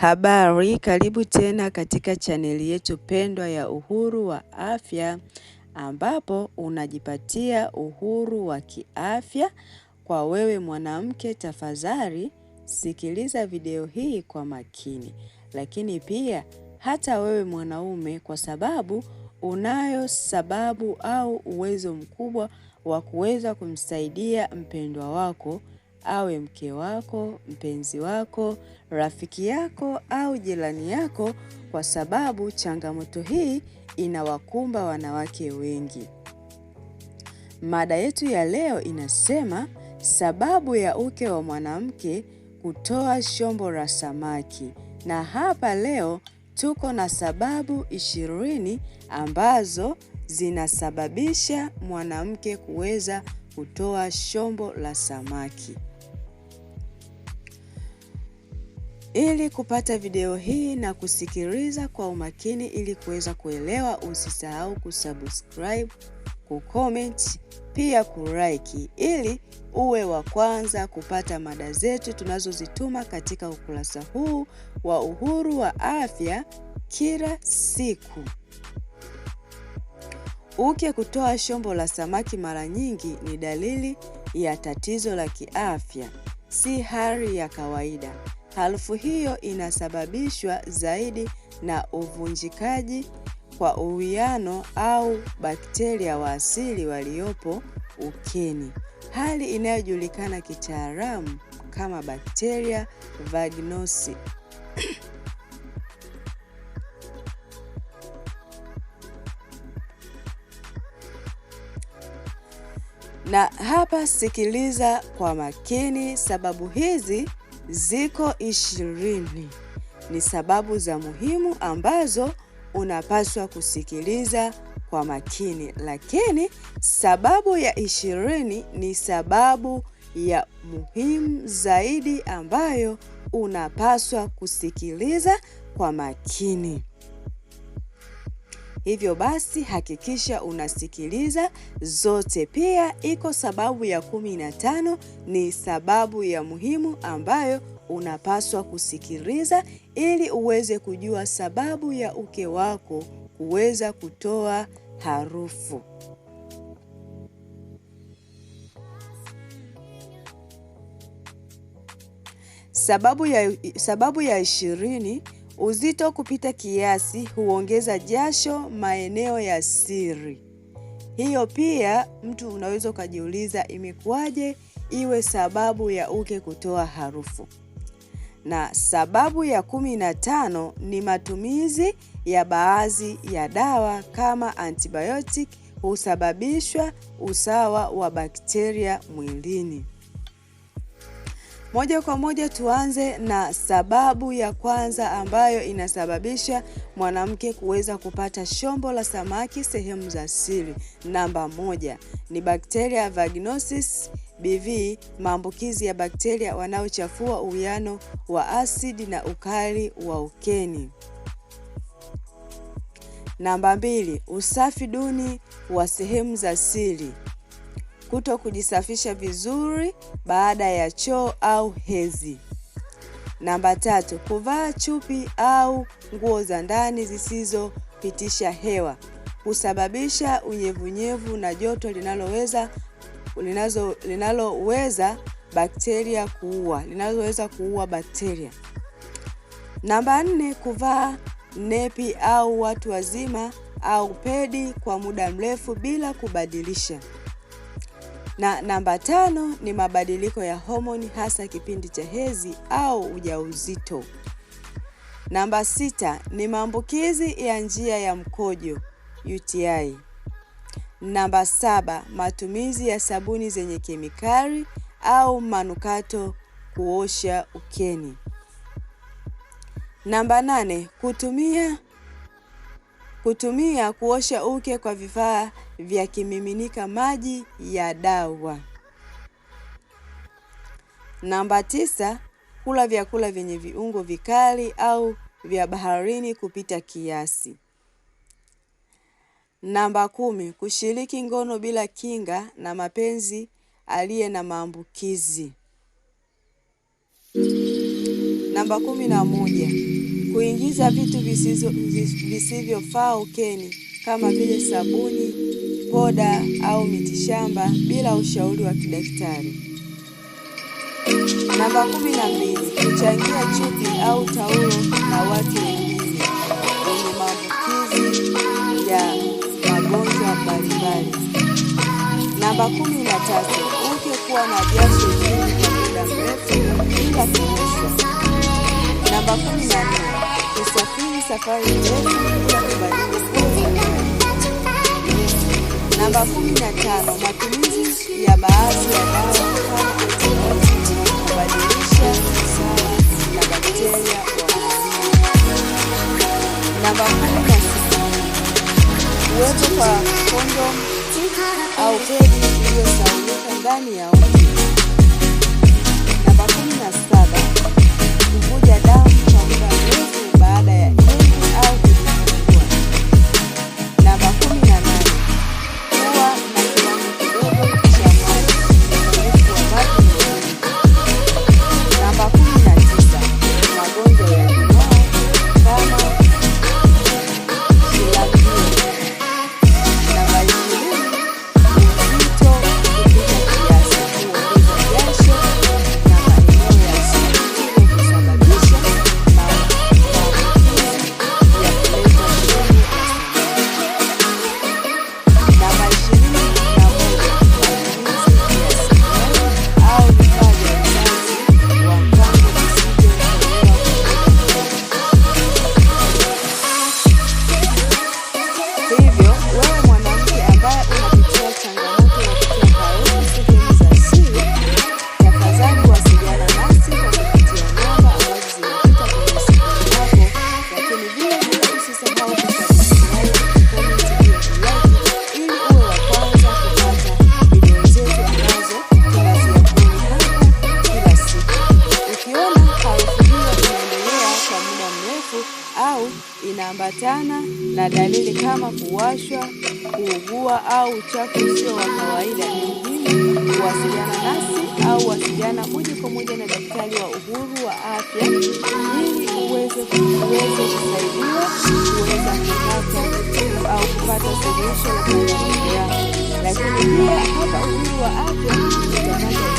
Habari, karibu tena katika chaneli yetu pendwa ya Uhuru wa Afya, ambapo unajipatia uhuru wa kiafya kwa wewe mwanamke. Tafadhali sikiliza video hii kwa makini, lakini pia hata wewe mwanaume, kwa sababu unayo sababu au uwezo mkubwa wa kuweza kumsaidia mpendwa wako awe mke wako, mpenzi wako, rafiki yako au jirani yako, kwa sababu changamoto hii inawakumba wanawake wengi. Mada yetu ya leo inasema sababu ya uke wa mwanamke kutoa shombo la samaki, na hapa leo tuko na sababu ishirini ambazo zinasababisha mwanamke kuweza kutoa shombo la samaki. Ili kupata video hii na kusikiliza kwa umakini ili kuweza kuelewa, usisahau kusubscribe, kucomment, pia kulike ili uwe wa kwanza kupata mada zetu tunazozituma katika ukurasa huu wa Uhuru wa Afya kila siku. Uke kutoa shombo la samaki mara nyingi ni dalili ya tatizo la kiafya, si hali ya kawaida. Harufu hiyo inasababishwa zaidi na uvunjikaji kwa uwiano au bakteria wa asili waliopo ukeni, hali inayojulikana kitaalamu kama bakteria vaginosi. Na hapa sikiliza kwa makini sababu hizi ziko ishirini. Ni sababu za muhimu ambazo unapaswa kusikiliza kwa makini, lakini sababu ya ishirini ni sababu ya muhimu zaidi ambayo unapaswa kusikiliza kwa makini. Hivyo basi hakikisha unasikiliza zote. Pia iko sababu ya kumi na tano, ni sababu ya muhimu ambayo unapaswa kusikiliza ili uweze kujua sababu ya uke wako kuweza kutoa harufu. Sababu ya, sababu ya ishirini Uzito kupita kiasi huongeza jasho maeneo ya siri. Hiyo pia mtu unaweza ukajiuliza imekuwaje iwe sababu ya uke kutoa harufu. Na sababu ya kumi na tano ni matumizi ya baadhi ya dawa kama antibiotic husababishwa usawa wa bakteria mwilini. Moja kwa moja tuanze na sababu ya kwanza ambayo inasababisha mwanamke kuweza kupata shombo la samaki sehemu za siri. Namba moja ni bakteria vaginosis BV, maambukizi ya bakteria wanaochafua uwiano wa asidi na ukali wa ukeni. Namba mbili, usafi duni wa sehemu za siri kuto kujisafisha vizuri baada ya choo au hezi. Namba tatu, kuvaa chupi au nguo za ndani zisizopitisha hewa husababisha unyevunyevu na joto linaloweza linazo, linaloweza bakteria kuua linaloweza kuua bakteria. Namba nne, kuvaa nepi au watu wazima au pedi kwa muda mrefu bila kubadilisha. Na namba tano ni mabadiliko ya homoni hasa kipindi cha hezi au ujauzito. Namba sita ni maambukizi ya njia ya mkojo UTI. Namba saba, matumizi ya sabuni zenye kemikali au manukato kuosha ukeni. Namba nane, kutumia Kutumia kuosha uke kwa vifaa vya kimiminika maji ya dawa. Namba tisa, kula vyakula vyenye viungo vikali au vya baharini kupita kiasi. Namba kumi, kushiriki ngono bila kinga na mapenzi aliye na maambukizi. Namba kumi na moja kuingiza vitu visivyofaa ukeni kama vile sabuni, poda au mitishamba bila ushauri wa kidaktari. Namba kumi na mbili, kuchangia chupi au taulo na watu wengine wenye maambukizi ya magonjwa mbalimbali. Namba kumi na tatu, uke kuwa na jasho jingi kwa muda mrefu bila kuoshwa. Namba kumi na nne kusafiri safari ndefu Namba kumi na tano matumizi ya baadhi ya dawa kubadilisha usawa na bakteria Namba kumi na sita uwepo kwa kondom au pedi iliyosaulika ndani ya uke. Namba kumi na saba kuvuja huambatana na dalili kama kuwashwa, kuugua au uchafu usio wa kawaida. Ni muhimu kuwasiliana nasi au wasiliana moja kwa moja na daktari wa Uhuru wa Afya ili uweze kusaidiwa kuweza kupata au kupata suluhisho la matatizo yako. Lakini pia hapa Uhuru wa Afya